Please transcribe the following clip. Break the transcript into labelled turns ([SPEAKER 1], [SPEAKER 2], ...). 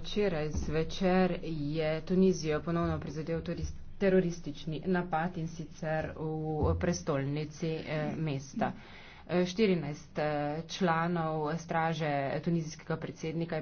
[SPEAKER 1] včeraj zvečer je tunizijo ponovno prizadel teroristični napad in sicer v prestolnici eh, mesta. 14 eh, eh, članov straže tunizijskega predsednika je prišlo na mesto in so ubili 14 ljudi.